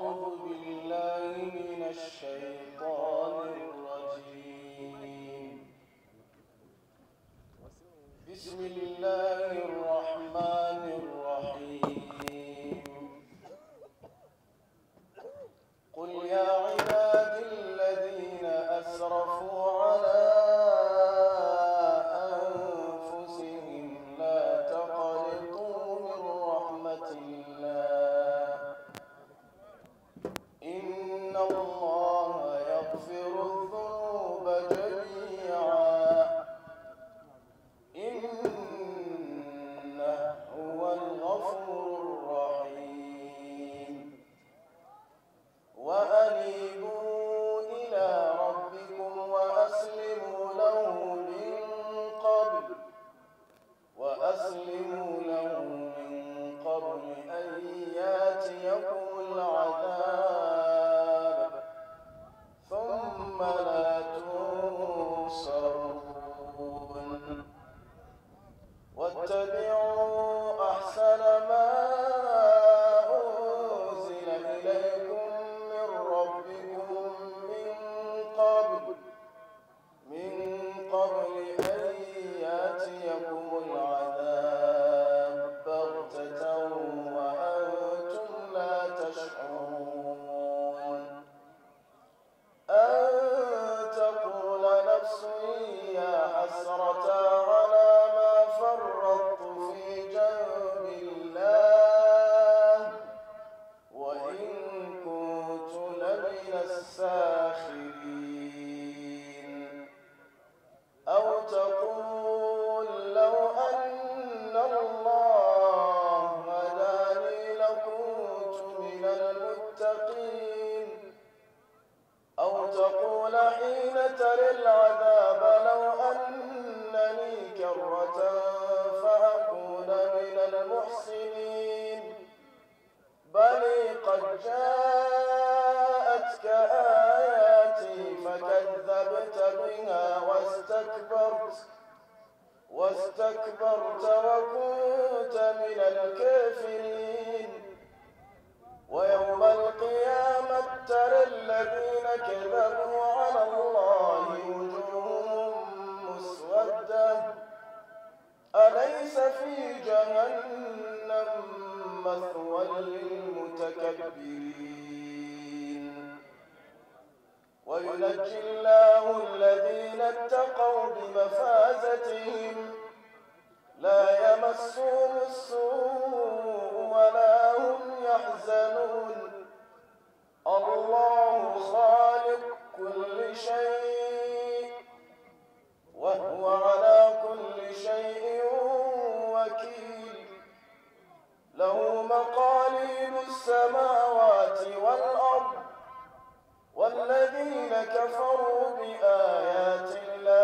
أعوذ بالله من الشيطان الرجيم بسم الله آخرة فأكون من المحسنين بل قد جاءتك آياتي فكذبت بها واستكبرت واستكبرت وكنت من الكافرين ويوم القيامة ترى الذين كذبوا على الله وجوههم مسودة أليس في جهنم مثوى للمتكبرين وينجي الله الذين اتقوا بمفازتهم لا يمسهم السوء ولا هم يحزنون الله خالق كل شيء وهو على كل شيء وكيل له مقاليد السماوات والأرض والذين كفروا بآيات الله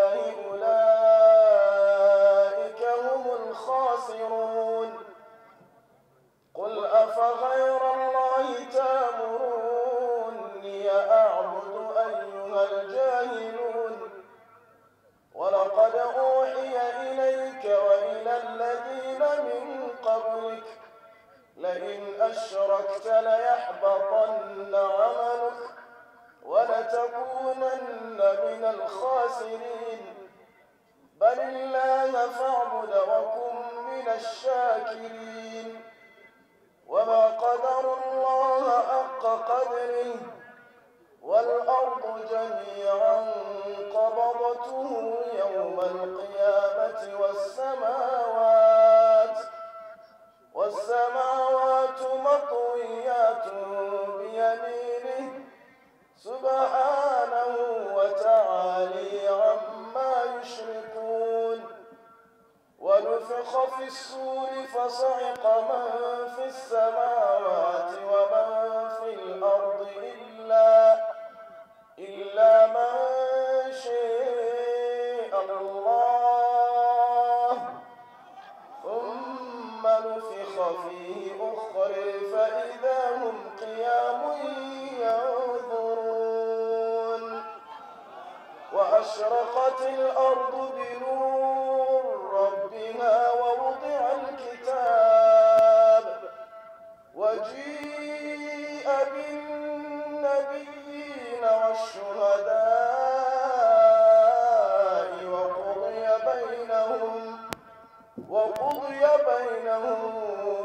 وأشرقت الأرض بنور ربها ووضع الكتاب وجيء بالنبيين والشهداء وقضي بينهم وقضي بينهم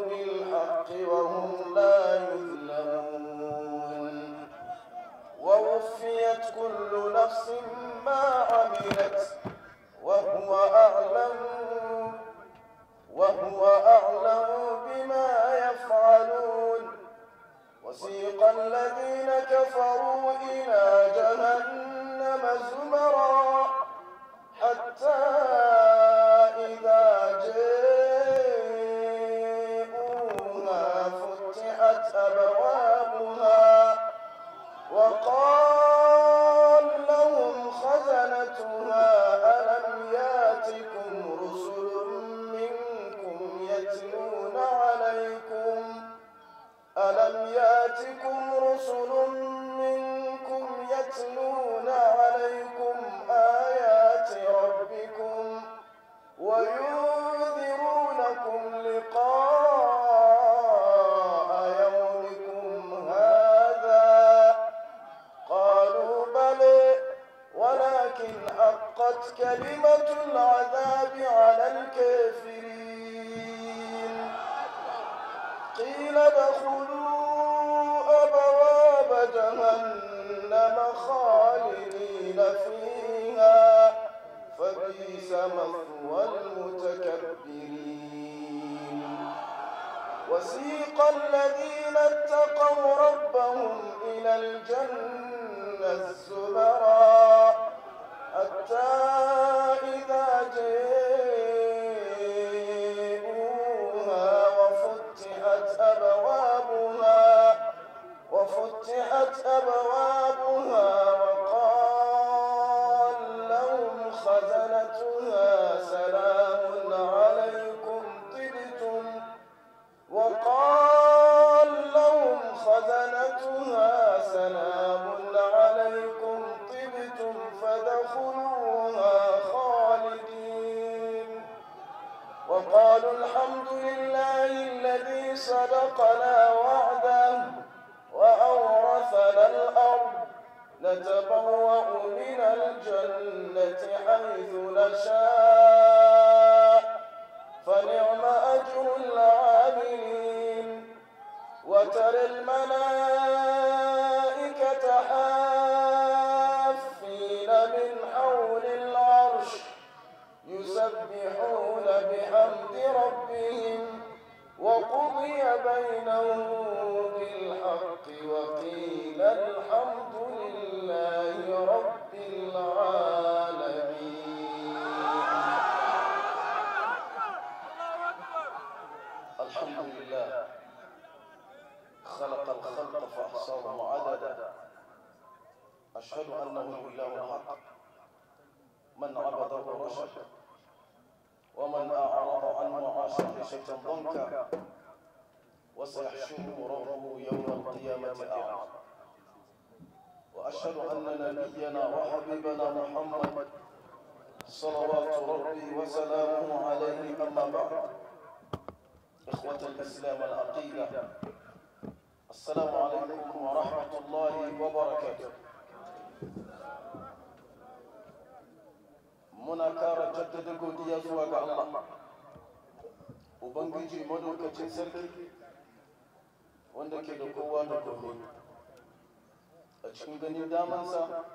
بالحق وهم لا يظلمون ووفيت كل نفس ما عملت وهو أعلم وهو أعلم بما يفعلون وسيق الذين كفروا إلى جهنم زمرا حتى إذا جاءوها فتحت أبوابها وقال ألم ياتكم رسل منكم يتلون عليكم آيات ربكم وينذرونكم لقاء يومكم هذا قالوا بلى ولكن حقت كلمة العذاب على الكافرين قيل ادخلوا مثوى المتكبرين وسيق الذين اتقوا ربهم إلى الجنة التالي وترى الملائكة حافين من حول العرش يسبحون بحمد ربهم وقضي بينهم بالحق وقيل الحمد لله رب العالمين خلق الخلق فأحصاهم عددا أشهد أنه الإله الحق من عبده رشد ومن أعرض عن معاشه شيئا ضنكا وسيحشره ربه يوم القيامة أعظم وأشهد أن نبينا وحبيبنا محمد صلوات ربي وسلامه عليه أما بعد إخوة الإسلام العقيدة السلام عليكم ورحمة الله وبركاته muna kara jaddada godiya zuwa ga Allah Ubangiji madaukacin sarki wanda ke da kowa da komai a cikin ganin damansa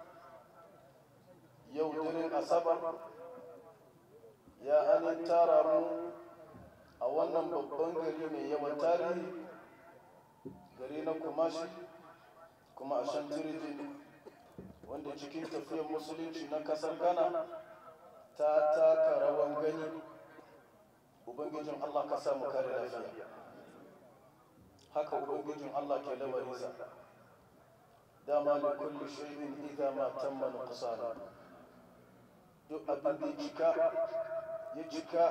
yau daren asabar ya anin tara a wannan babban gari mai yawan tarihi gari na kumashi kuma a shantiriji wanda cikin tafiyar musulunci na kasar ghana ta taka rawan gani ubangijin allah ka samu kare lafiya haka ubangijin allah ke lamarinsa dama da kulle shirin idza ma tamma nuqsana duk abin da cika ya cika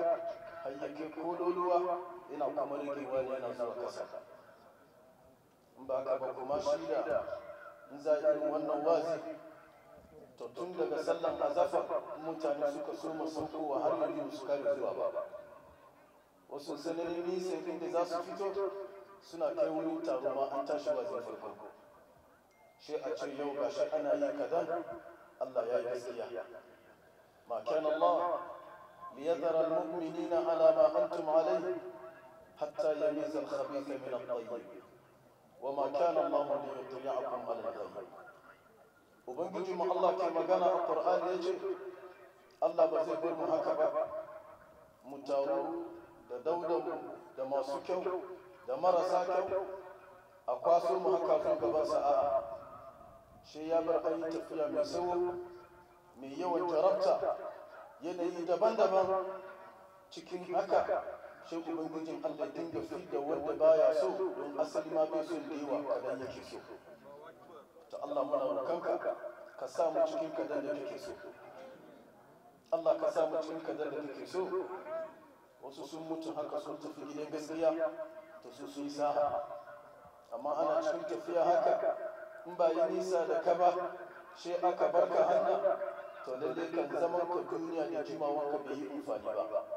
hayyake kololuwa yana kuma rigewa yana zuwa kasa in ba ka ba kuma shida in za a irin wannan wazi to tun daga sallan azafa mutane suka soma saukowa har yanzu su kare zuwa ba wasu sanarin nisan inda za su fito suna kai wani taro ma an tashi wazin farko shi a ce yau gashi ana yi kaza Allah ya yi gaskiya ma kana Allah liyadhara almu'minina ala ma antum alayhi hatta yamiza al-khabitha min at-tayyib وما كان الله ليطيعكم على الغيب وبنجي مع الله كي ما قال القران يجي الله بزيد المحاكمة متاورو دا دودو دا ماسوكو دا مرساكو اقواسو محاكمة كبسا شيا بر اي تفيا مسو مي يوم جربتا ينهي دبن دبن cikin haka sai ubangijin Allah fi da wanda baya so don asali ma bai son da yawa kadan yake so ta Allah muna roƙonka ka sa mu cikin kadan da kake so Allah ka sa mu cikin kadan da kake so wasu sun mutu haka sun tafi gidan gaskiya to su sun saha amma ana cikin tafiya haka in ba yi nisa da ka ba she aka barka hanna to lalle kan zaman ka duniya da jimawa ka bai yi amfani ba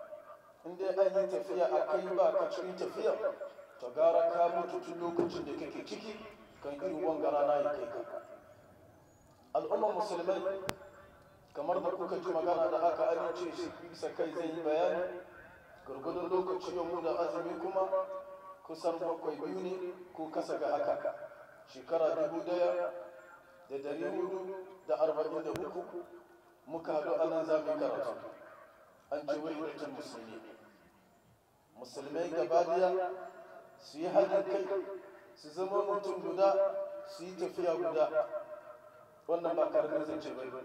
in dai an yi tafiya a kai ba ka cikin tafiya to gara ka mutu tun lokacin da kake ciki kan yi wanga rana ya kai ka al'ummar musulmai kamar da kuka ji magana da aka amince shi bisa kai zai yi bayani gurgudun lokaci yau da azumi kuma kusan bakwai biyu ne ko kasa ga haka shekara dubu daya da dari hudu da arba'in da uku muka haɗu a nan zamu karatu أنجوي وقت المسلمين مسلمين قبادية سيها لكي سيزمون متن قدا سيت فيها قدا وانا ما كرنز الجبل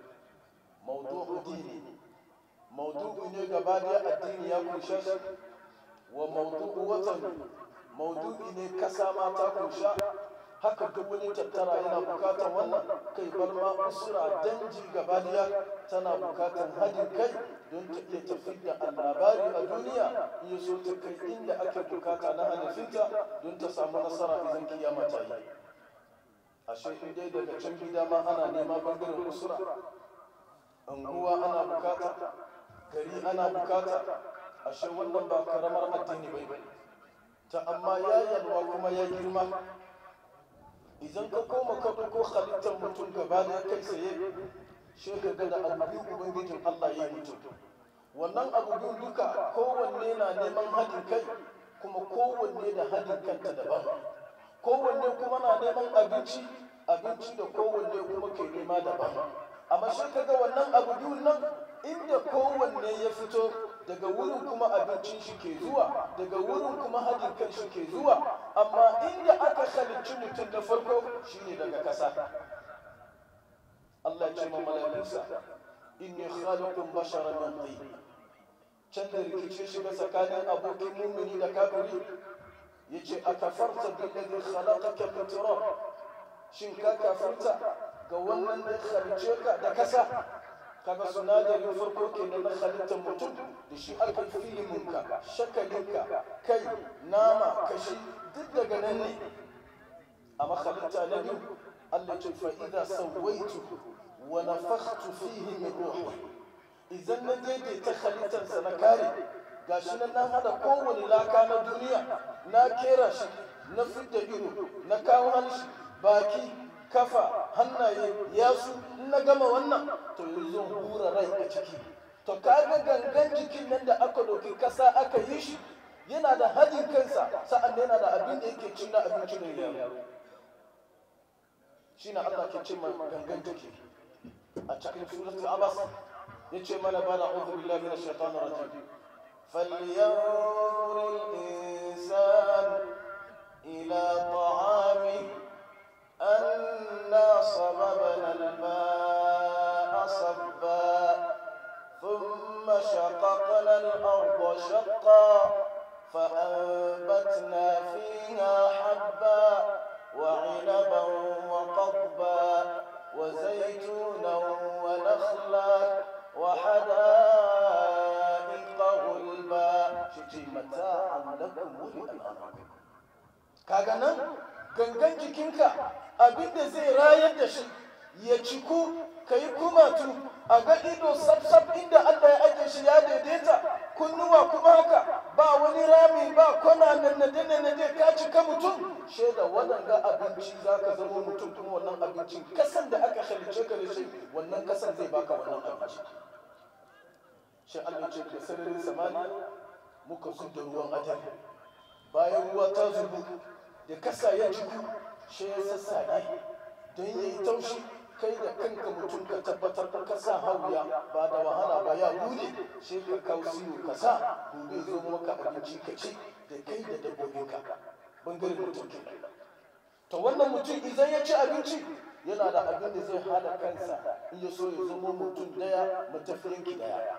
موضوع ديني موضوع إنه قبادية الدين يا كنشاش وموضوع وطني موضوع إنه كسامة تاكنشاش haka gabanin tattara yana bukatar wannan kai bar ma usura danji gabaliya tana bukatar hadin kai don ta iya tafi da labari a duniya in so ta kai inda ake bukata na hanafinta don ta samu nasara idan kiyama ta yi ashe in dai daga can gida ma ana nema bangaren usura anguwa ana bukata gari ana bukata ashe wannan ba karamar addini bai ta amma ya yalwa kuma ya girma idan ka koma ka ko halittar mutum gaba da kai tsaye shi ka ga da annabi ubangijin Allah ya mutum wannan abubuwan duka kowanne na neman haɗin kai kuma kowanne da haɗin kanta daban kowanne kuma na neman abinci abinci da kowanne kuma ke nema daban amma shi ka ga wannan abu nan inda kowanne ya fito daga wurin kuma abincin shi ke zuwa daga wurin kuma hadin kan shi ke zuwa amma inda aka halicci mutum na farko shine daga ƙasa Allah ya ce ma malaminsa inni khaliqun basharan min tin can da rikice shi tsakanin abokin mumini da kafiri yace akafarta billadhi khalaqaka min turab shin ka kafarta ga wannan da halicce ka da kasa kaga sunadarin farko kenan na halittar mutum da shi aka yi filiminka shakalinka kai nama kashi duk daga nan ne amma halitta na biyu Allah ce fa idza sawaitu wa nafakhtu fihi min ruhi idan na daidaita halittar sa na kare gashi nan na hada kowane laka na duniya na kera shi na fidda ido na kawo hanshi baki kafa hannaye yasu na gama wannan to yanzu hura rai a ciki to kaga gangan jikin nan da aka ɗauki ƙasa aka yi shi yana da hadin kansa sa'an yana da abin da yake cin na abinci da yaro shine Allah ke ce man gangan jiki a cikin suratul abas yace mana bala a'udhu billahi minash shaitanir rajim فلينظر الإنسان إلى طعامه أنا صببنا الماء صبا ثم شققنا الأرض شقا فأنبتنا فيها حبا وعنبا وقضبا وزيتونا ونخلا وحدائق غلبا شتي متاعا لكم ولأنعامكم كاغانا gangan jikinka abinda zai rayar da shi ya ciku ka yi kumatu a ga ido sab inda Allah ya ake shi ya daidaita kunnuwa kuma haka ba wani rami ba kwana nan na dana na dai ka cika mutum shaida waɗanga abinci za ka zama mutum kuma wannan abincin kasan da aka halice ka da shi wannan kasan zai baka wannan abinci shi Allah ce ke sararin samani muka zub da ruwan adam bayan ruwa ta zubu da kasa ya ciku shi ya sassaƙe don ya yi taushi kai da kanka mutum ka tabbatar ka sa hauya ba da wahala ba ya bude shi ka kawo siyo ka sa gobe zo maka abinci ka ce, da kai da dabbobinka Bangare mutum ke to wannan mutum idan ya ci abinci yana da abin da zai hada kansa in ya so ya zama mutum daya matafiyanki daya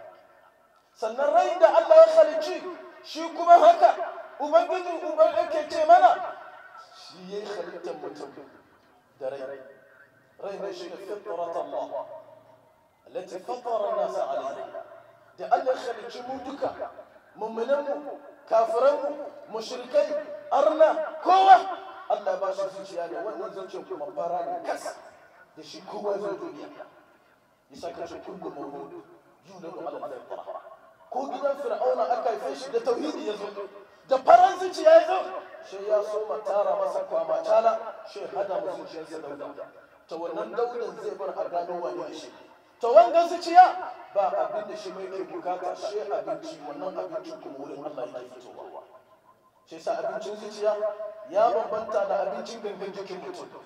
sannan rai da Allah ya halicci shi kuma haka ubangiji uban yake ce mana شيء خليته متم دري ري ماشي فطرة الله التي فطر الناس عليها دي الله خليك مودك مؤمنه كافره مشركي ارنا كوة الله باش في شيء وانا زلت شوف مباراه كس دي شي كوة زي الدنيا يسكر شوف كل مرمود يولد على الله القرآن كوكينا فرعون اكاي فيش ده توحيد يزول ده برانزي شيء يزول shi ya so ma tara masa kwama tala shi hada musu ciyarsa dauda ta wannan daudan zai bar a gano wani shi ta wanga zuciya ba abin da shi mai ke bukata shi abinci wannan abincin kuma wurin Allah yake fitowa shi sa abincin zuciya ya bambanta da abincin gangan jikin mutum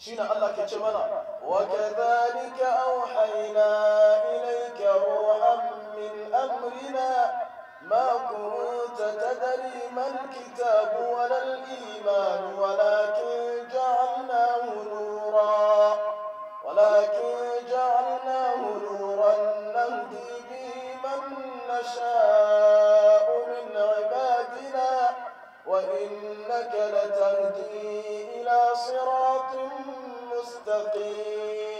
shine Allah ke ce mana wa kadhalika auhayna ilayka ruhan min amrina ما كنت تدري ما الكتاب ولا الإيمان ولكن جعلناه نورا ولكن جعلناه نورا نهدي به من نشاء من عبادنا وإنك لتهدي إلى صراط مستقيم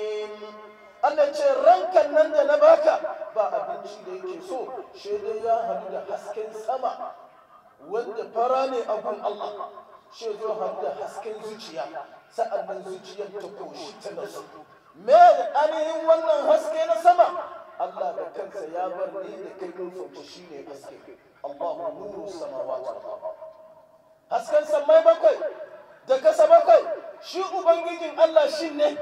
Allah ce rankan nan da na baka ba abinci da yake so shi dai ya hadu da hasken sama wanda fara ne a gun Allah shi zo hadu da hasken zuciya nan zuciyar ta koshi ta nasu me ainihin wannan haske na sama Allah da kansa ya bar ni da kai mun fahimci shi ne haske Allahu nuru samawati hasken sammai bakwai da kasa bakwai shi ubangijin Allah shi ne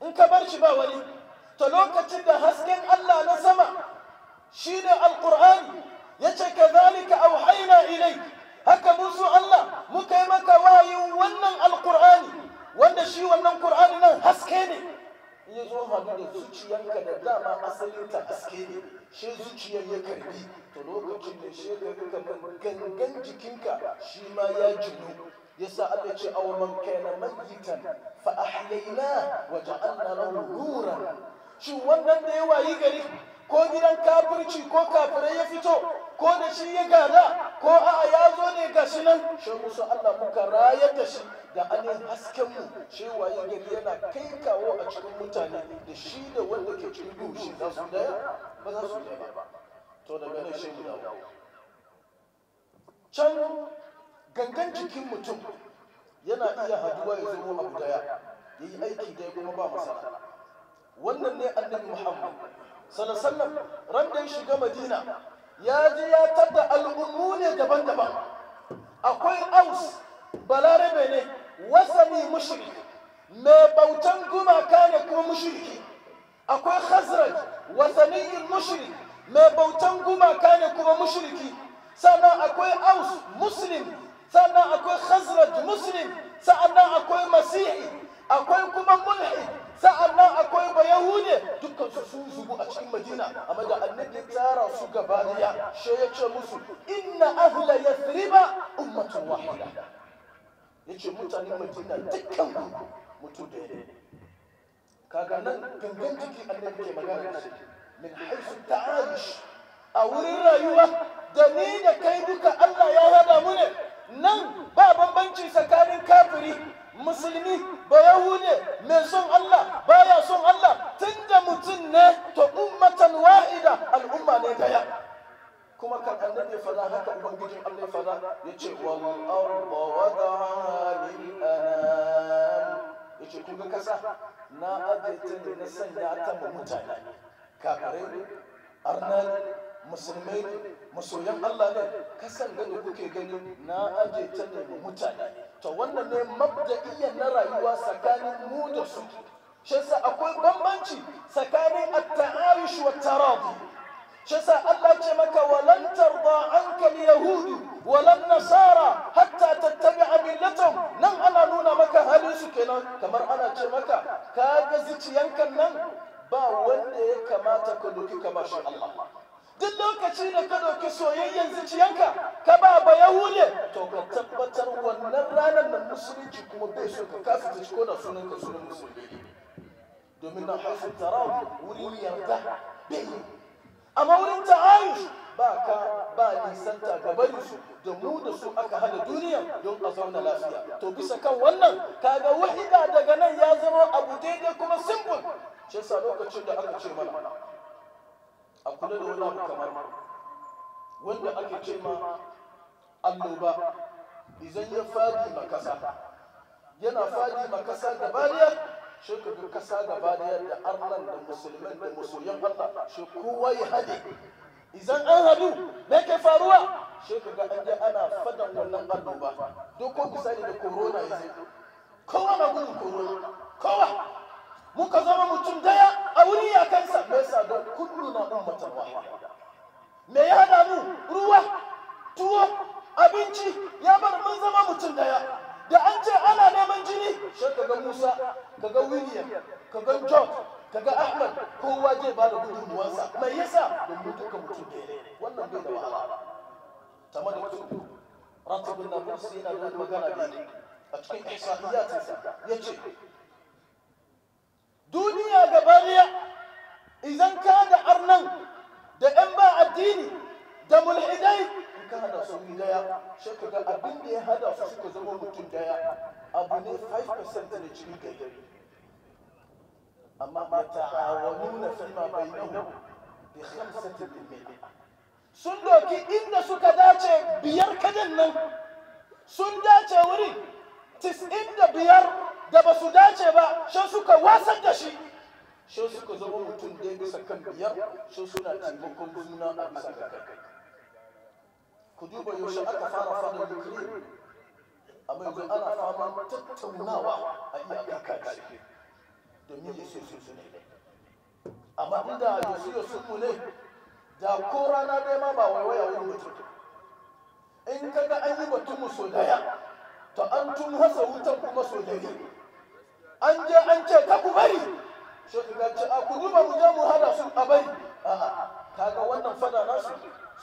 in ka bar shi ba wani ta lokacin da hasken Allah na sama shi ne alƙur'ani ya ce ka zalika auhaina ilai haka musu Allah muka yi maka wayin wannan alƙur'ani wanda shi wannan ƙur'ani nan haske ne ya zo hannu da zuciyarka da dama asalin ta haske ne shi zuciyar ya karbi ta lokacin da shi gangan jikinka shi ma ya jinu yasa Allah ce aw man kana mayitan fa ahyayna wa ja'alna lahu nuran shi wannan da ya wayi gari ko gidan kafirci ko kafirai ya fito ko da shi ya gada ko a'a ya zo ne ga shi nan shi musu Allah muka rayar da shi da anin hasken mu shi wayi gari yana kai kawo a cikin mutane da shi da wanda ke cikin duhu shi za su daya ba za su daya ba to daga nan shi mu dawo can gangan jikin mutum yana iya haduwa ya zama abu daya ya yi aiki ya kuma ba masana wannan ne annabi muhammad sallallahu ran da ya shiga madina ya ji ya tabba al'ummu ne daban-daban akwai aus balarabe ne wasani mushrik mai bautan gumaka ne kuma mushriki akwai khazraj wasaniyin mushrik mai bautan gumaka ne kuma mushriki sannan akwai aus muslim sannan akwai khazraj muslim sa'annan akwai masihi akwai kuma mulhi sa'annan akwai ba yahude dukkan su sun zubu a cikin madina amma da annabi tsara su gaba daya she ya ce musu inna ahla yathriba ummatun wahida yace mutanen madina dukkan mutum da kaga nan gangan jiki annabi ke magana shi min haisu ta'ayish a wurin rayuwa da ni da kai duka Allah ya hada mu ne nan ba bambanci tsakanin kafiri musulmi ba ne mai son Allah ba ya son Allah tun da mutum ne ta ummatan wa'ida al'umma ne daya kuma kan annabi ya fada haka ubangijin Allah ya fada ya ce wa arda wa ya ce kasa na ta ne na sanya ta mutane kafirai musulmai ne masoyan Allah ne kasan gani kuke gani na aje ta ne ga mutane to wannan ne mabda'iyyar na rayuwa tsakanin mu da su shi yasa akwai bambanci tsakanin at-ta'ayush wa taradi shi yasa Allah ce maka walan tarda anka al-yahudu walan nasara hatta tattabi'a millatahum nan ana nuna maka halin su kenan kamar ana ce maka ka ga nan ba wanda ya kamata ka doki ka bashi Allah duk lokaci da ka ɗauki soyayyen zuciyanka ka ba ba yahude to ka tabbatar wannan ranar da musulunci kuma bai so ka kasa ta ko da sunan ka sunan musulunci domin na haifu tarau wurin yarda bai amma wurin ta'ayush ba ka ba nisanta ga bari su da mu da su aka hada duniya don a zauna lafiya to bisa kan wannan kaga wahida daga nan ya zama abu daidai kuma simple shi lokacin da aka ce mana a kula da wani abu kamar wanda ake ce ma annoba idan ya fadi makasa yana fadi makasa da daya shi ka bi kasa da daya da arnan da musulman da musulman Allah shi kowa ya hade idan an hadu me ke faruwa shi ka ga an je ana fadan wannan annoba duk ko misali da corona yanzu kowa na gudun corona kowa muka zama mutum daya a wuri ya kansa mai sa don kullu na ummatan wahida me ya damu ruwa tuwo abinci ya bar mun zama mutum daya da an ce ana neman jini sai kaga Musa kaga William kaga John kaga Ahmad kowa zai ba da ruwansa mai yasa don mutuka duka mutum daya wannan bai da wahala tamar da mutum ratibin na kursi yana da magana da a cikin ya ce. duniya gaba daya idan ka da arnan da 'yan ba addini da mulhidai ka hada su ni daya shi ga abin da ya hada su suka zama mutum daya abu ne 5% ne cikin gayyari amma ya ta'awanuna fi ma bainahu bi 5% sun doki inda suka dace biyar kadan nan sun dace wuri 95 da ba su dace ba shi suka wasan da shi shi suka zama mutum ɗaya bisa kan biyar shi suna taimakon juna a bisa ga kai ku duba yaushe aka fara da ukraine amma yanzu ana fama tattaunawa a iyaka kashi domin ya su su ne amma inda su yesu su ne da ko rana ɗaya ma ba waya wani mutum in kaga an yi batun mu sau daya to an tun hasa wutan kuma so daya an je an ce ka ku bari shi ga ce a ku duba mu je mu hada su a bari a'a kaga wannan fada nasu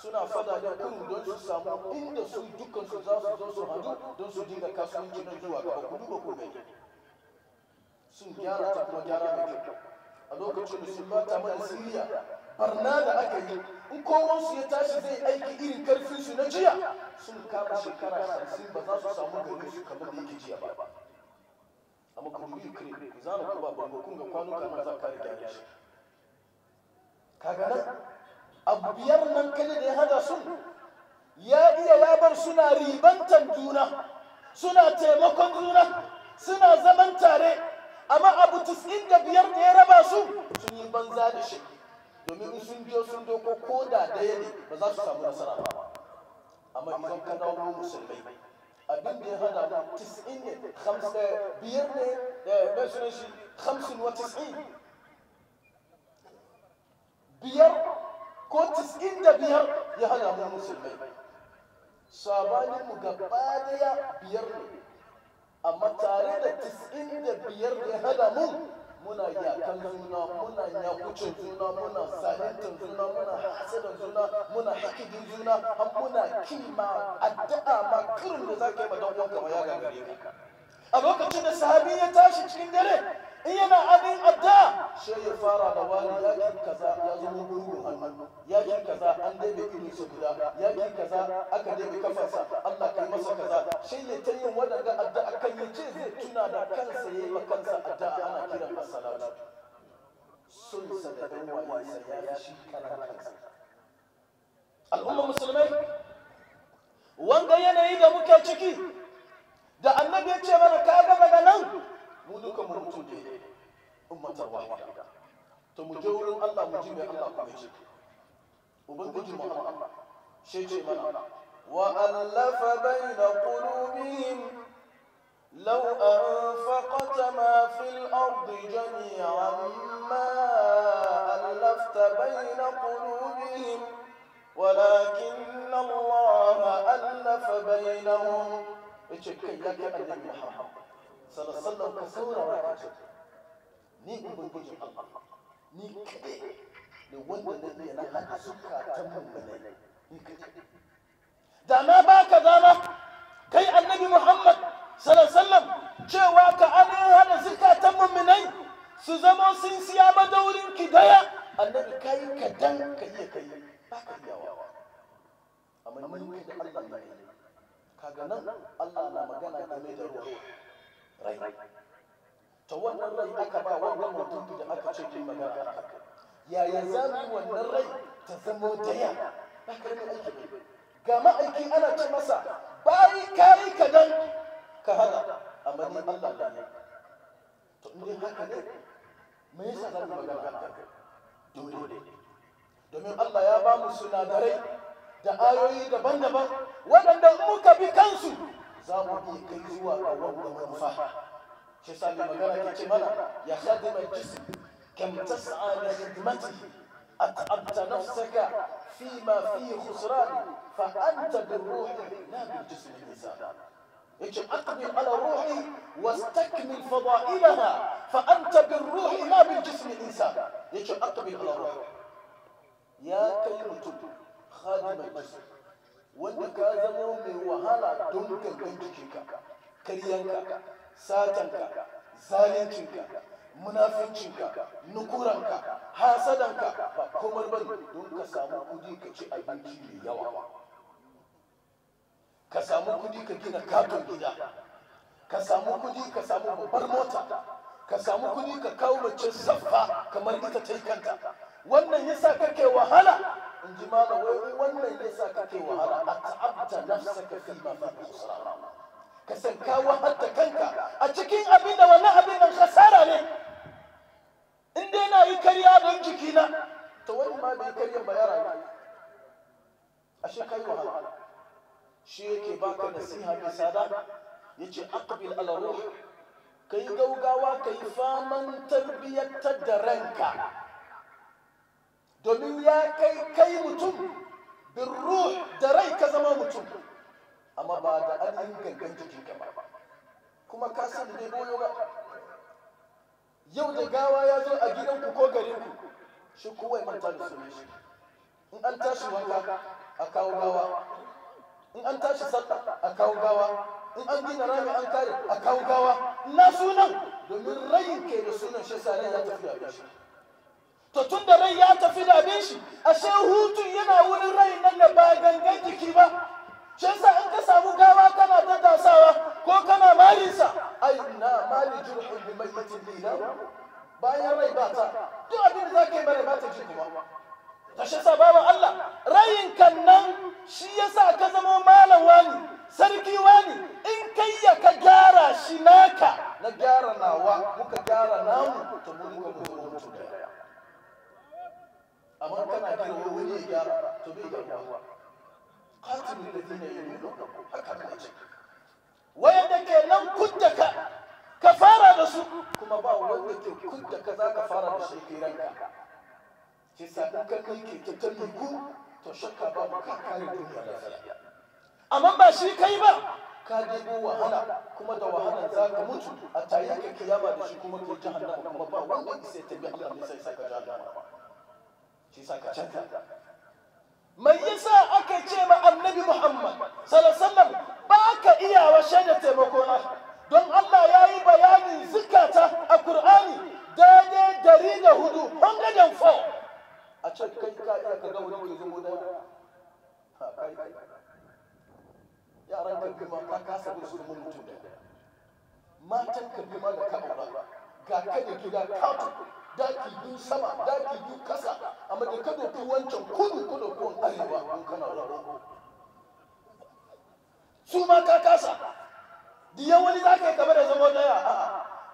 suna fada da kurun don su samu inda su dukkan su za su zo su hadu don su dinga kasuwanci na zuwa ga ku duba ku gani sun gyara ta kuma gyara mai kyau a lokacin da sun bata mana siriya barna da aka yi in su ya tashi zai aiki irin karfin su na jiya sun kama shekara hamsin ba za su samu gari su kamar da yake jiya ba ama kuyikire izana kuba bango kunga kwanuka na za kare da shi kaga abu biyar nan kane da ya hada sun ya iya ya suna ribantan juna suna taimakon juna suna zaman tare amma abu tisin da biyar da ya raba su sun yi banza da shi domin sun biyo sun doko ko da daya ne ba za su samu nasara ba amma idan ka dawo musulmai أبين دي هذا تسعين خمسة بيرنة ناس نجي خمسة وتسعين بير كون تسعين دا بير يا هلا من المسلمين شاباني مقبادة يا بيرنة أما تاريد تسعين دا بيرنة هذا مو muna yakan juna muna yakucin juna muna sahintin juna muna hasadin juna muna hakidin juna har muna kima addu'a ma kirin da zaka yi ma dan uwanka ba ya gagare ka a lokacin da sahabi ya tashi cikin dare in yana abin adda shi ya fara da wani yakin kaza ya zama gurbin hannu yakin kaza an dai bai su guda yakin kaza aka dai bai kafarsa Allah kai masa kaza shi ya ta yin wadanda adda akan yi ce zai tuna da kansa ya yi wa kansa adda ana kiran masalatu sun sa da gawayensa ya fi shi karan kansa al'ummar musulmai wanga yanayi da muke ciki da annabi ya ce mana ka ga daga nan مودو كم رمتودي أمة واحدة تمجور الله مجيب الله كمشي وبنجي محمد الله شيء شيء منا وألف بين قلوبهم لو أنفقت ما في الأرض جميعا ما ألفت بين قلوبهم ولكن الله ألف بينهم اتشكي لك النبي محمد sallallahu ka saurara ka ce ni ubangijin Allah ni kaɗai ne wanda na iya na haka zukatan mummunai ni kaɗai da na ba baka dama kai annabi Muhammad sallallahu cewa ka an hana ta mummunai su zama sun siya madaurin ki daya annabi kai kadan ka iya kai ba ka iya wa amma ni da Allah ne kaga nan Allah na magana game da ruwa rai ta wannan rai aka ba wannan mutum da aka ce ke magana a haka yaya za mu yi wannan rai ta zama daya ba karamin aiki ba ga ma'aiki ana ce masa bayi kayi ka dan ka hada amma ni Allah da ne to in dai haka ne me yasa za mu magana a haka dole domin Allah ya ba mu sunadarai da ayoyi daban-daban waɗanda muka bi kansu za mu iya kai zuwa ga wannan manufa shi sa mai magana ke ce mana ya khadima jism kam tas'a li khidmati at'abta nafsaka fima fi khusran fa anta bi ruhi la bi jism al-insan yace aqdi ala ruhi wastakmil fada'ilaha fa anta bi ruhi la bi jism al-insan yace aqdi ala ruhi ya kai mutum khadim al-jism wanda ka zama mai wahala don gangan jikinka karyanka satanka zalincinka munafincinka nukuranka hasadanka ba komar bane don ka samu kudi ka ci abinci mai yawa ka samu kudi ka gina katon gida ka samu kudi ka samu babbar mota ka samu kudi ka kawo mace saffa kamar ita ta yi kanta wannan yasa kake wahala in ji malam wai wannan yasa kake wahala a ta'abta nafsaka fi ma fi khusra ka san ka wahalta kanka a cikin abin da wannan abin nan kasara ne in dai na yi karya don jikina ta wani ma bai karya ba ya rayu ashe kai wahala shi yake baka nasiha mai sada yace aqbil ala ruh kai gaugawa kai faman tarbiyyatar da ranka domin ya kai kai mutum bin ruh da rai ka zama mutum amma ba da ainihin gangan jikinka ba kuma ka san da boyo ba yau da gawa ya zo a gidanku ko garinku shi kowai manta da sunan shi in an tashi wanka a kawo gawa in an tashi sallah a kawo gawa in an gina rami an kare a kawo gawa na sunan domin rayin ke da sunan shi sare ya tafi a shi to tun da rai ya tafi da abin shi ashe hutun yana wurin rai nan da ba gangan jiki ba shi yasa in ka samu gawa kana ta tasawa ko kana malinsa ai na mali jurhun bi maimatin lila bayan rai ba ta duk abin da za ka yi bare ba ta ji kuma ta shi yasa babu Allah rayin kan nan shi yasa ka zama malam wani sarki wani in kai ya ka gyara shi naka na gyara nawa muka gyara namu ta mun mutum amma kana kira wani ya gyara to bai gyaruwa qatilul ladina yulunukum haka ne ce da ke nan kunta ka ka fara da su kuma ba wanda ke kunta ka za ka fara da shi ke ranka ke sa in ka kai ke tattalin ku to shakka ba mu ka kare duniya lafiya amma ba shi kai ba ka debo wahala kuma da wahala za ka mutu a tayi ka kiyama da shi kuma ke jahannama kuma ba wanda sai ta bi Allah ne sai saka ba. shi sa mai yasa aka ce ma annabi muhammad sallallahu ba ka iya wa shaida taimako na don allah ya yi bayanin zikata a Kur'ani daidai dari da hudu hundred fo. a can kai ka iya ka zubo da yaran kuma ka kasa su mun da matan ka ma da ka aura ga ka da gida ka daki biyu sama daki biyu kasa amma da ka doki wancan kudu kudu kun arewa kun kana raro su ma ka kasa diya wani za ka yi gaba da zama daya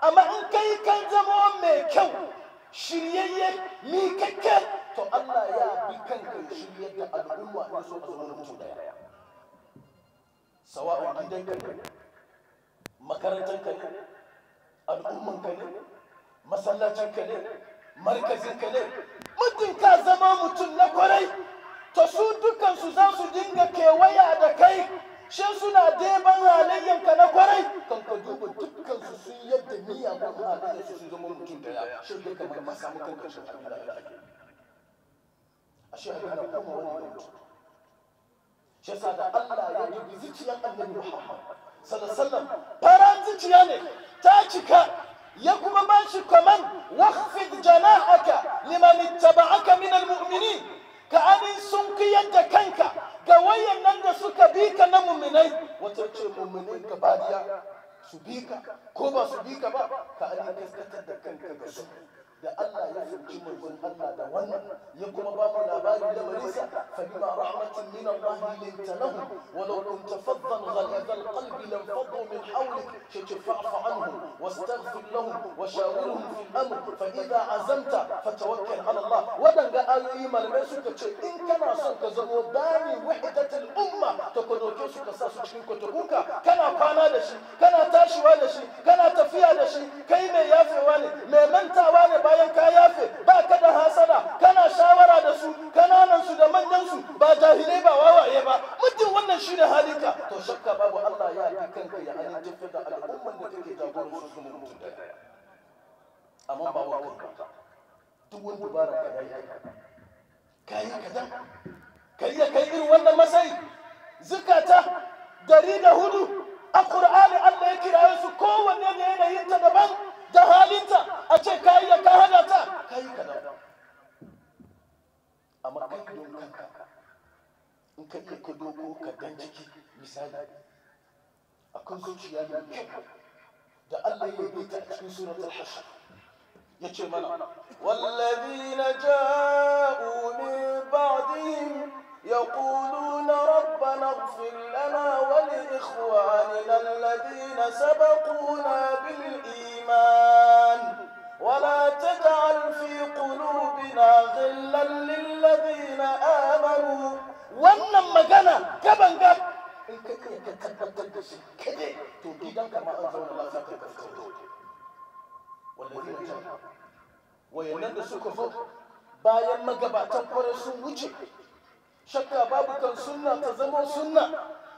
amma in kai kan zama mai kyau shiryayye kakke to Allah ya bi kanka shiryar da al'umma ne so ka zama mutum daya sawa'un gidanka ne makarantanka ne ka ne ka ne ka ne Mutun ka zama mutum na kwarai to su su za su dinga kewaya da kai shi suna deban ka na kwarai kan ka duba dukkansu sun yadda niyya ko halayyansu sun zama mutum da ya shi da kamar masa mutum kan shi a shi hada na kuma wani mutum shi yasa da Allah ya dubi zuciyar annabi Muhammad sallallahu alaihi wasallam faran zuciya ne ta cika ya kuma ba shi kaman waqfid janahaka liman ittaba'aka min almu'minin ka anin sun kiyar da kanka ga wayannan da suka bi ka na muminai wata ce muminai gaba su bi ka ko ba su bi ka ba ka anin kaskantar da kanka ga su da Allah ya zuci manzon Allah da wannan ya kuma ba mu labari da marisa fa bima rahmatin min Allah linta lahum wa law kunta faddan ghalid alqalbi lam faddu min hawlik shaje fa'fu anhum wastaghfir lahum wa shawirhum fil amr fa idha azamta fatawakkal ala Allah wadanga ayoyi malamai suka ce in kana son ka zamo bani wahdatul umma to ka doke su ka sa su cikin kotokuka kana kwana da shi kana tashiwa da shi kana tafiya da shi kai mai yafewa ne mai mantawa ne ba bayan ka yafe ba ka da hasada kana shawara da su kananan su da manyan su ba jahilai ba wawaye ba mutum wannan shine halinka to shakka babu Allah ya yi kanka ya halitta da al'umman da take jagoran su su mutum daya amma ba kanka duk wani dubara ka yayi ka yi kadan kai ya kai irin wannan masai zukata dari da hudu a ƙur'ani Allah ya kira su kowanne yana yin ta daban da halinta a ce ka yi da ka hana ta ka yi ka amma kai ka dogo kanka in ka iya ka doko ka dan jiki misali A akan zuciya da kyau da Allah ya yi ta a cikin suratul ya ce mana wallazina ja'u min ba'dihim يقولون ربنا اغفر لنا ولإخواننا الذين سبقونا بالإيمان ولا تجعل في قلوبنا غلا للذين آمنوا wannan magana gaban gab in ka kai ka tabbatar da shi kade to gidan ka ma an zauna lafiya ka kaskauro wallahi wayannan da suka zo bayan magabatan kwarar sun wuce shakka babu kan sunna ta zama sunna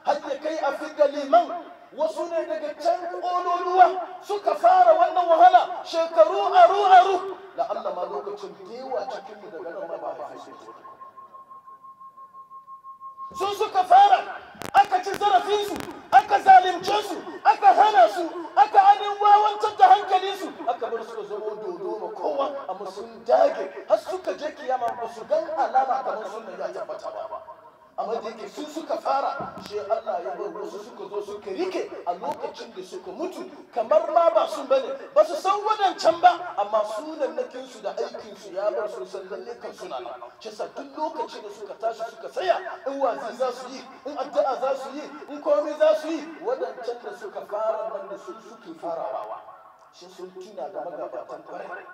har ya kai a fidda liman wasu ne daga can ƙololuwa suka fara wannan wahala shekaru aru aru da Allah ma lokacin dewa cikin mu daga nan ba ba su suka fara aka ci zarafinsu aka zalunce su aka hana su aka anin wawancar da hankalin su aka bar suka zama dodo ma kowa amma sun dage har suka je kiyama ba su gan alama kamar sun da ya tabbata ba amma da yake su suka fara shi Allah ya bar wasu suka zo suka rike a lokacin da suka mutu kamar ma ba sun bane ba su san wadancan ba amma sunan nakin su da aikin su ya bar su san lalle kan suna ce sa duk lokacin da suka tashi suka tsaya in wazi za su yi in addu'a za su yi in komai za su yi wadancan da suka fara nan da su suke farawa shi sun tuna da magabatan kwarai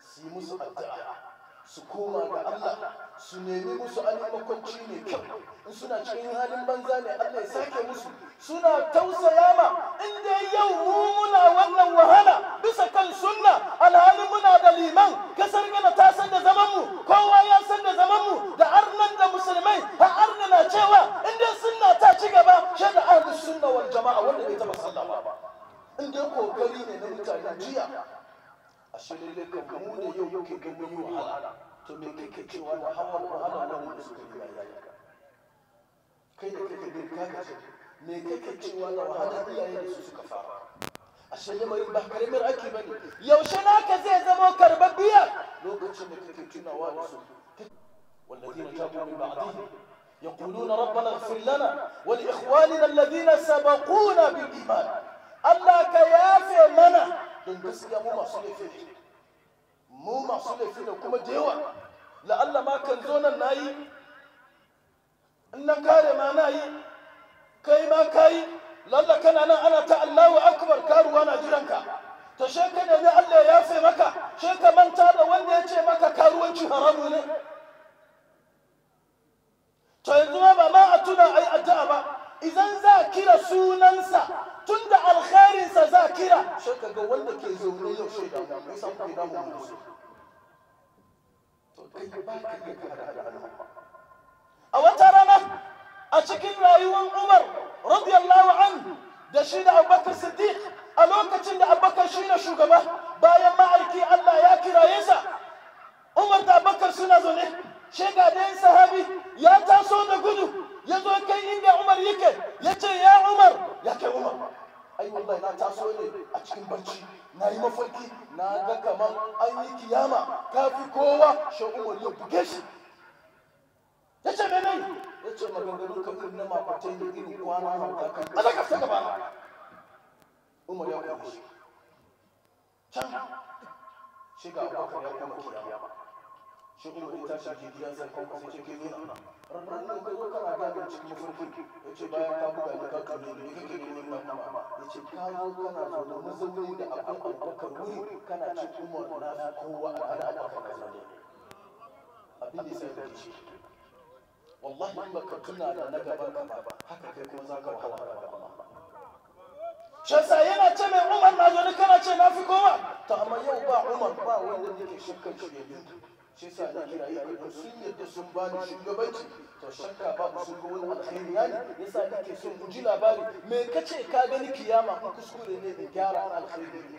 su yi musu addu'a su koma ga Allah su nemi musu makwanci ne kyau in suna cikin halin banza ne Allah ya sake musu suna tausaya ma inda yau mu muna wannan wahala bisa kan sunna alhalin muna da liman kasar gana ta san da zaman mu kowa ya san da zaman mu da arnan da musulmai har arna na cewa inda sunna ta ci gaba shaida ahlus sunna wal jama'a wanda bai taba sallama ba in dai kokari ne na mutane jiya ashe lalle kan mu ne yau ke ganin mu wahala to me kake cewa da hawa wahala da mu suka yi yayanka kai da kake bin kaka ce me kake cewa da wahala iyayen su suka fara ashe lamarin ba karamar aiki bane yaushe naka zai zama karbabbiya lokacin da kake tunawa da su والذين جاءوا من بعدهم يقولون ربنا اغفر لنا ولإخواننا الذين سبقونا بالإيمان الله كيافي منا don gaskiya mu masu laifi ne mu masu laifi ne kuma da yawa la'alla ma kan zo nan na yi in na kare ma na yi kai ma ka yi lalla kana nan ana ta allahu akbar karuwa na jiranka ta she ne nemi allah ya yafe maka she manta da wanda ya ce maka karuwanci haramu ne to yanzu ba ma a tuna ai addu'a ba idan za kira sunansa tun da alkhairinsa za kira shi ka ga wanda ke zaune yau shi da mu san ku da mu su to kai ba ka iya kada da al'umma a wata rana a cikin rayuwar Umar radiyallahu anhu da shi da Abubakar Siddiq a lokacin da Abubakar shi ne shugaba bayan ma'aiki Allah ya kiraye sa Umar da Abubakar suna zaune shi ga dai sahabi ya taso da gudu ya zo kai inda umar yake ya ce ya umar ya kai umar ai wallahi na taso ne a cikin barci na yi mafarki na ga kamar an yi kiyama ka fi kowa shi umar ya buge shi ya ce me ne ya ce maganganun ka irin na makwatai da irin kwana hamsin kan ka daga ta gaba umar ya kuma shi can shi ya kuma kiyama shi umar ya tashi ke biyan sai kan kuma cikin nuna ranar nan kai wata raga da cikin mafarkin ya ce bayan ka buga da kaka ne da kake da neman nama ya ce ka zo kana zo da mazauni da akwai albarkar wuri kana ci umar na kowa a ana abafa ka zane abin da sai da ke wallahi in baka tuna da na gaban ka ba haka kai kuma za ka wahala da gaba shasa yana ce mai umar na zo ni kana ce na fi kowa to amma yau ba umar ba wanda yake shakkan shi ya ne shi sa ne kira yi ka sun yadda sun ba ni shugabanci to shakka ba sun ga wani alkhairi ya ne yasa nake son guji labari me kace ka gani kiyama ko kuskure ne da gyara alkhairi ne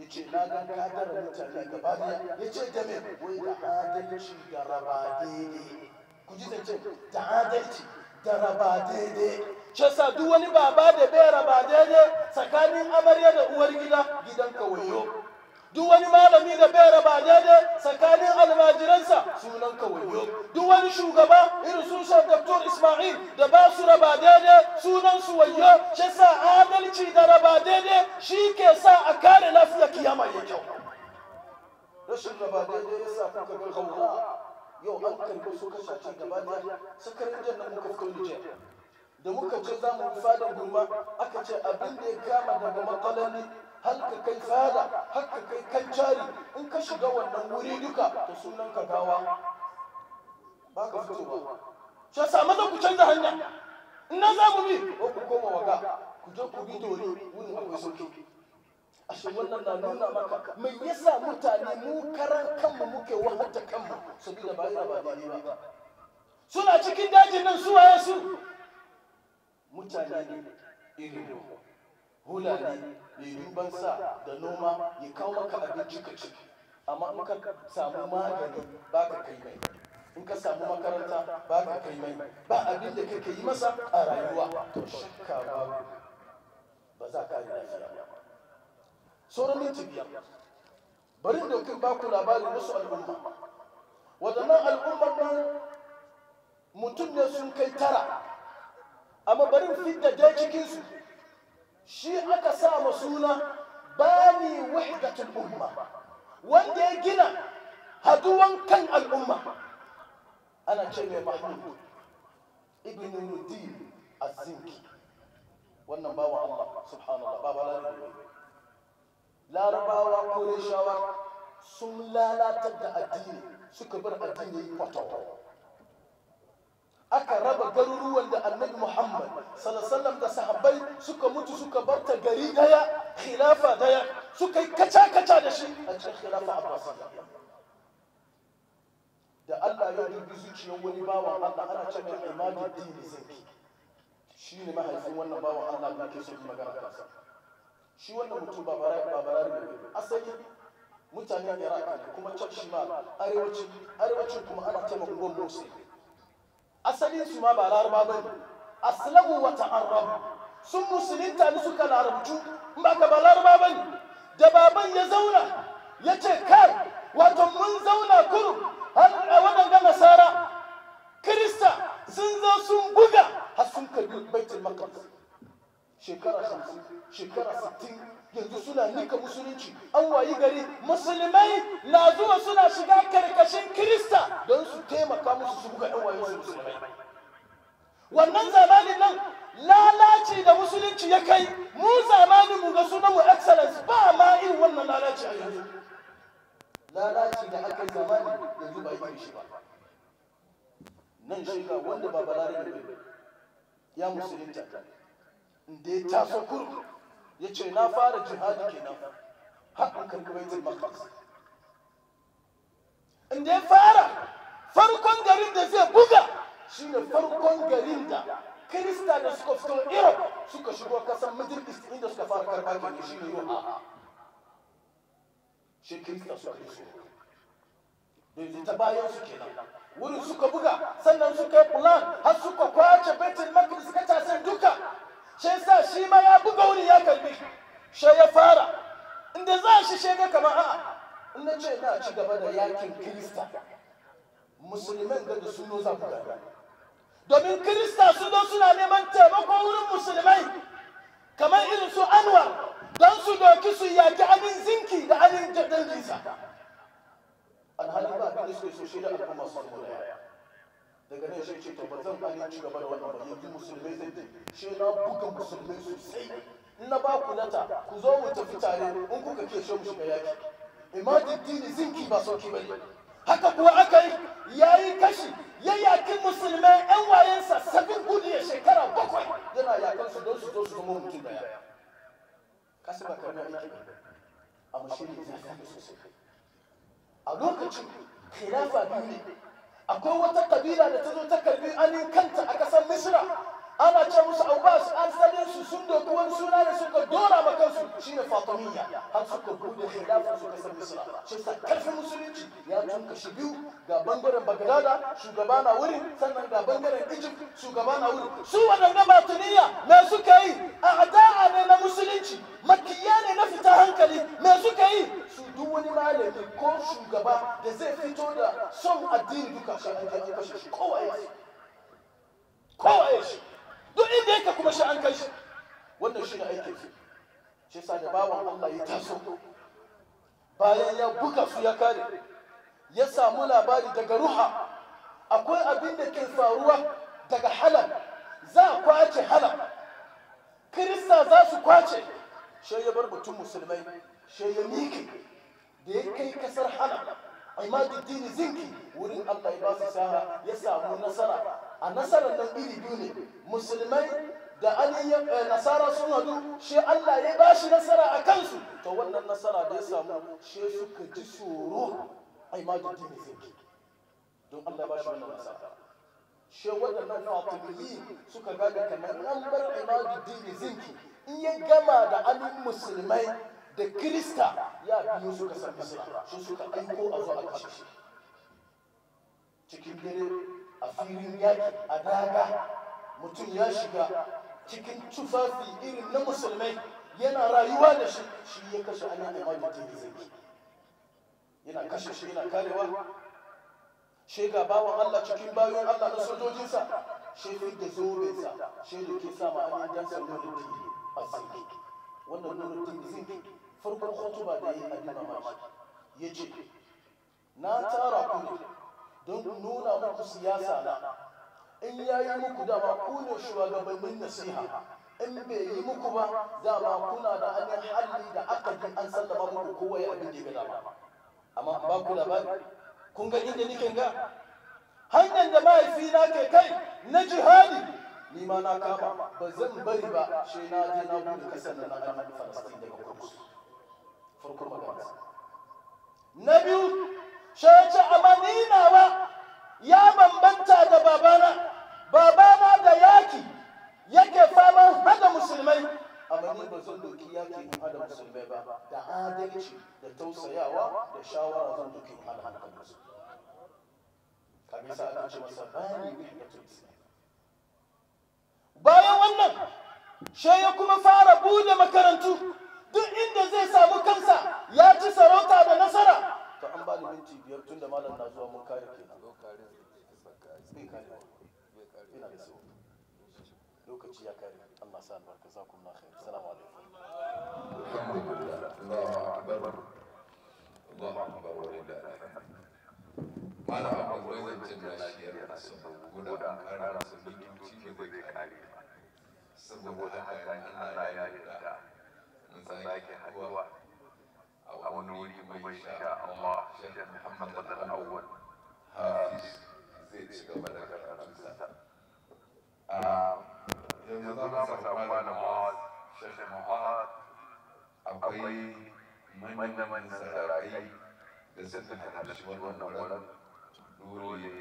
Ya ce na ga ka tara mutane gaba daya yace da me wai da adalci da raba daidai ku ji zance da adalci da raba daidai shi sa duk wani baba da bai raba daidai tsakanin amarya da uwar gida gidanka wayo duk wani malami da bai raba daidai tsakanin almajiransa sunan wayo duk wani shugaba irin su sa doktor ismail da ba su raba daidai sunan su wayo shi sa adalci da raba daidai shi ke sa a kare lafiya kiyama ya kyau rashin raba daidai ya sa kuka ga gaura yau an karbi su kasashe gaba daya sakarin jan nan muka fito nijar da muka ce za mu fadar gurma aka ce abin da ya kama daga matsaloli har ka kai tsada, har ka kai jari in ka shiga wannan wuri duka to sunan ka gawa ba ka ba shi sa maza ku canza hanya in na za mu bi ko ku koma waga ku je ku bi dore wurin akwai sauki shi wannan na nuna maka me yasa mutane mu karan kanmu muke wahanta kanmu saboda ba ira ba daidai ba suna cikin dajin nan su waye su mutane ne irin mu hula ne mai duban sa da noma ya kawo maka abinci ka ci amma in ka samu magani ba ka kai mai in ka samu makaranta ba ka kai mai ba abin da kake yi masa a rayuwa to shakka babu ba za ka yi lafiya ba sauran minti biyar bari in dauki baku labarin wasu al'umma waɗannan al'ummar nan mutum ne sun kai tara amma bari fidda dai cikinsu shi aka sa ma suna bani wahdatul umma wanda ya gina haduwan kan al'umma ana ce mai mahmud ibn nuddin azinki wannan bawa Allah subhanallah baba larabawa larabawa ko sun lalatar da addini suka bar addini kwatawa aka raba garuruwan da annabi muhammad sallallahu da sahabbai suka mutu suka barta gari daya khilafa daya suka yi kaca-kaca da shi a cikin khilafa abbasiyya da allah ya dubi zuciyar wani bawan allah ana ce mai imadu dini zinki shi ne mahaifin wannan bawan allah da ke so magana kansa shi wannan mutum ba barari ne asali mutanen iraq ne kuma can shi ma arewacin kuma ana taimaka gwamnati asalin su ma ba laraba ba ne aslahu wa ta'arrab sun musulunta ni suka larabtu in ba ka ba laraba ba ne da baban ya zauna ya ce kai wato mun zauna kurum har a ga nasara kirista sun zo sun buga har sun karbi baitul maqdis shekara 50 shekara 60 yanzu suna nika musulunci an wayi gari musulmai na zuwa suna shiga karkashin kirista don su taimaka musu su buga yan wayo su musulmai wannan zamanin nan lalaci da musulunci ya kai mu zamanin mu ga sunan mu excellence ba ma irin wannan lalaci a yanzu lalaci da aka yi zamani yanzu ba yi shi ba nan shiga wanda ba balare ne ya musulunta in dai taso kurkuku ya ce na fara jihadi kenan haɗin zai makas inda ya fara farkon garin da zai buga shi ne farkon garin da kirista da suka fito europe suka shigo kasan middle east inda suka fara karɓar da shi ne yau shi kirista suka yi so da ta bayan su kenan wurin suka buga sannan suka yi plan har suka kwace betin makis suka tasan duka shi yasa shi ma ya buga wuri ya kalbi shi ya fara inda za shi shi kama kamar a'a na ce na ci gaba da yakin kirista musulmin da su no za ku domin kirista su don suna neman taimako wurin musulmai kamar irin su anwa don su doki su yaki abin zinki da abin jadanginsa alhali ba kirista su shi da al'umma sun daga nan zai ce to ba zan bari ci gaba da wannan ba yanzu musulmai zai ce shi na buga musulmai sosai in na ba ku nata ku zo mu tafi tare in kuka ke shi mu shiga yaki imajin dini zinki ba sauki ba ne. haka kuwa aka yi ya yi kashi ya yakin musulmai yan wayensa sabin gudu ya shekara bakwai yana yakan su don su zo su zama mutum daya kasu ba karnar aiki ba amma shi ne zai sosai a lokacin khilafa biyu ne akwai wata kabila da ta zo ta karbi anin kanta a ƙasar misra ana ce musu abbas sanin su sun doki wani suna da suka dora ma kansu shine fatimiyya har suka bude khilafa suka san misra shi sa karfi musulunci ya tunka shi biyu ga bangaren bagdada shugaba na wuri sannan ga bangaren egypt shugaba na wuri su waɗannan batiniya me suka yi a'da'a ne na musulunci makiyya ne na fita hankali me suka yi su duk wani malami ko shugaba da zai fito da son addini duka shi an kashe shi kowa ya shi kowa ya shi duk inda yake kuma shi an kai shi wannan shi ne aikin su shi yasa da bawan Allah ya taso bayan ya buga su ya kare ya samu labari daga ruha akwai abin da ke faruwa daga halal za a kwace halal kirista za su kwace shi ya bar mutum musulmai shi ya miki da ya kai kasar halal imaduddini zinki wurin allah ya ba su sa'a ya samu nasara a nasarar nan iri biyu ne musulmai da ali eh, nasara sun hadu shi allah ya ba shi nasara a kansu to wannan nasara da ya samu shi suka ji tsoro imaduddini zinki don allah ya ba shi wannan nasara shi waɗannan fatimiyi suka gada kamar an bar imaduddini zinki in ya gama da alin musulmai da kirista ya biyo su kasar misra su suka aiko a zuwa kashe kashe cikin dare a filin yaki a daga mutum ya shiga cikin tufafi irin na musulmai yana rayuwa da shi shi ya kashe ana imam zai yana kashe shi yana karewa shi ga bawan Allah cikin bayon Allah na sojojinsa shi da zobensa shi da ke sama an yi dan sallar da a zai wannan nuna tv farkon hotuba da yi abin mamaki ya ce na tara ku don nuna muku siyasa na in ya yi muku dama ku ne shugabannin nasiha in bai yi muku ba dama kuna da hanyar halli da aka an sallama muku kowa ya abin da ya dama amma ba ku labari kun ga inda nake ga hanyar da mahaifina ke kai na jihadi ni ma na kama ba zan bari ba shi na je na bude kasar da na gama falastin daga kurkus farkon magana na biyu shi ya ce amma ni nawa ya bambanta da babana babana da yaki yake faman hada musulmai amma ni ba zan doki yaki in hada musulmai ba da adalci da tausayawa da shawara zan doki in hada hada musulmai kamisa ana ce masa bani ne da tausayawa bayan wannan she ya kuma fara bude makarantu duk inda zai samu kansa ya ci sarauta da nasara to an ba da minti biyar tun da malam na zuwa mun kare ke ina da so lokaci ya kare Allah sa albarka sa ku khair assalamu alaikum Allahu akbar Allahu akbar mana abubuwan zancen na shi yana saboda guda an kara masa mintoci da saboda haka in Allah ya yarda in zaki haduwa a wani wuri mai sha Allah shi Muhammad Badar Awwal Hafiz zai ci gaba da karatunsa ah, yanzu za mu samu malam Muhammad Sheikh Muhammad akwai manyan sararai da suka halarci wannan wurin dole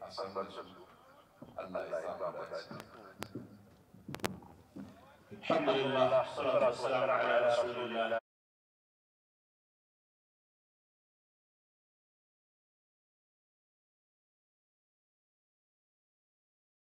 a san Allah ya sa ba الحمد لله والصلاة والسلام على رسول الله